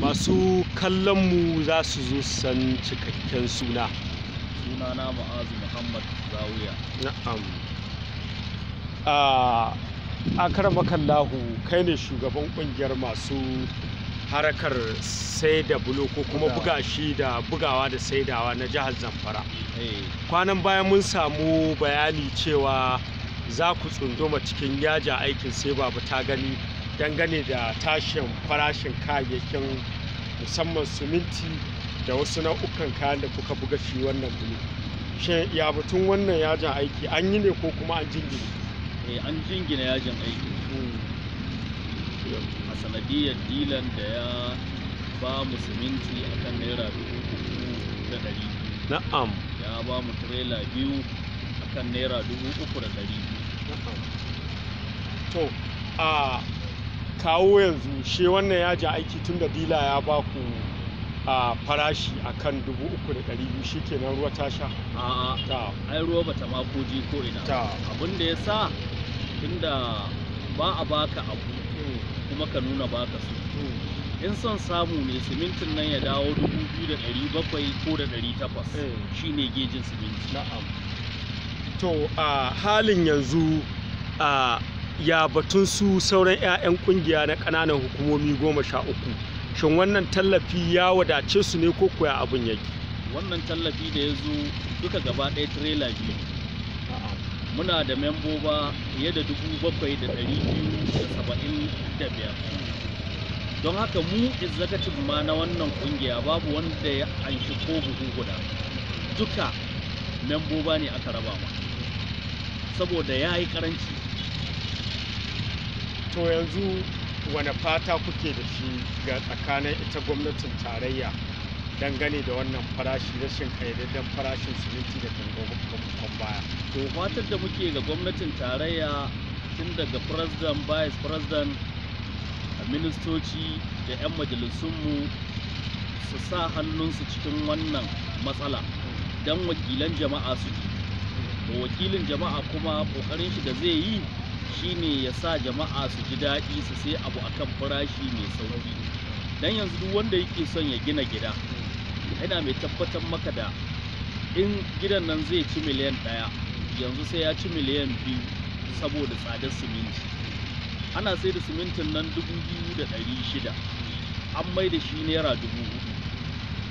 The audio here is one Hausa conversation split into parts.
masu kallon mu za su zo san cikakken suna suna na ma'azu muhammad zawiya na'am a lahu kai ne shugaban kungiyar masu harakar sai da bulo ko kuma buga shi da bugawa da saidawa na jihar zamfara eh. kwanan bayan mun samu bayani cewa za ku tsunduma cikin yaja aikin sai babu ta gani dangane da tashin farashin kayayyakin musamman suminti da wasu nau'ukan kayan da kuka buga shi wannan bulu shin ya batun wannan yajin aiki an yi ne ko kuma an jingine eh an jingina yajin aiki a sanadiyar dilan da ya ba mu suminti a kan naira dubu da ɗari na'am ya ba mu tirela biyu a kan naira dubu uku da ɗari to a kawo yanzu shi wannan yaji aiki tun da dila ya ba ku a farashi a kan dubu uku da ɗari biyu kenan ruwa ta sha a'a ta ai ruwa bata ma ji ko ina ta abin da ya sa tunda ba a baka abu hmm. kuma ka nuna baka su hmm. in son samu ne simintin nan ya dawo dubu biyu da ɗari bakwai ko da ɗari takwas hmm. shine gejin siminti na'am to a halin yanzu a ya batun su sauran 'ya'yan kungiya na ƙananan hukumomi goma sha uku shin wannan tallafi ya wadace su ne ko kuwa abin yake wannan tallafi da ya zo duka gaba ɗaya tirela biyu muna da memboba fiye da dubu bakwai da ɗari biyu da saba'in da biyar don haka mu izzakacin ma na wannan kungiya babu wanda ya anshi ko buhu guda duka memboba ne aka raba ma saboda ya yi karanci to yanzu wane fata kuke da shi ga tsakanin ita gwamnatin tarayya dangane da wannan farashi rashin kayyadaddan farashin siminti da gangan baya to fatar da muke ga gwamnatin tarayya tun daga president vice president ministoci da 'yan majalisunmu su sa hannunsu cikin wannan matsala don wakilan jama'a su wakilin jama'a kuma kokarin shi da zai yi Shi ne ya sa jama'a su ji daɗi su sai abu akan farashi mai sauki dan yanzu duk wanda yake son ya gina gida yana mai tabbatar maka da in gidan nan zai ci miliyan ɗaya yanzu sai ya ci miliyan biyu saboda tsadar siminti ana sai da simintin nan dubu biyu da ɗari shida an mai da shi naira dubu hudu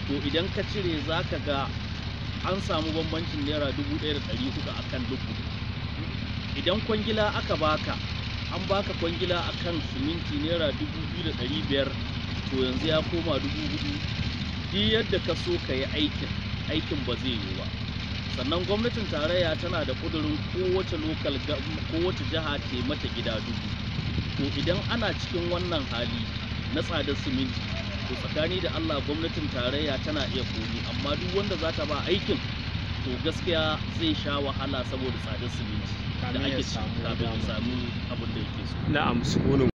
to idan ka cire za ka ga an samu bambancin naira dubu ɗaya da ɗari hudu a kan dubu idan kwangila aka baka an baka kwangila akan siminti naira dubu biyu da ɗari biyar to yanzu ya koma dubu hudu duk yadda ka so ka yi aikin aikin ba zai yiwu ba sannan gwamnatin tarayya tana da kudurin kowace lokal kowace jiha ce mata gida dubu to idan ana cikin wannan hali na tsadar siminti to tsakani da allah gwamnatin tarayya tana iya komi amma duk wanda za ta ba aikin to gaskiya zai sha wahala saboda tsadar siminti da ake kafin samu abin da yake so na'am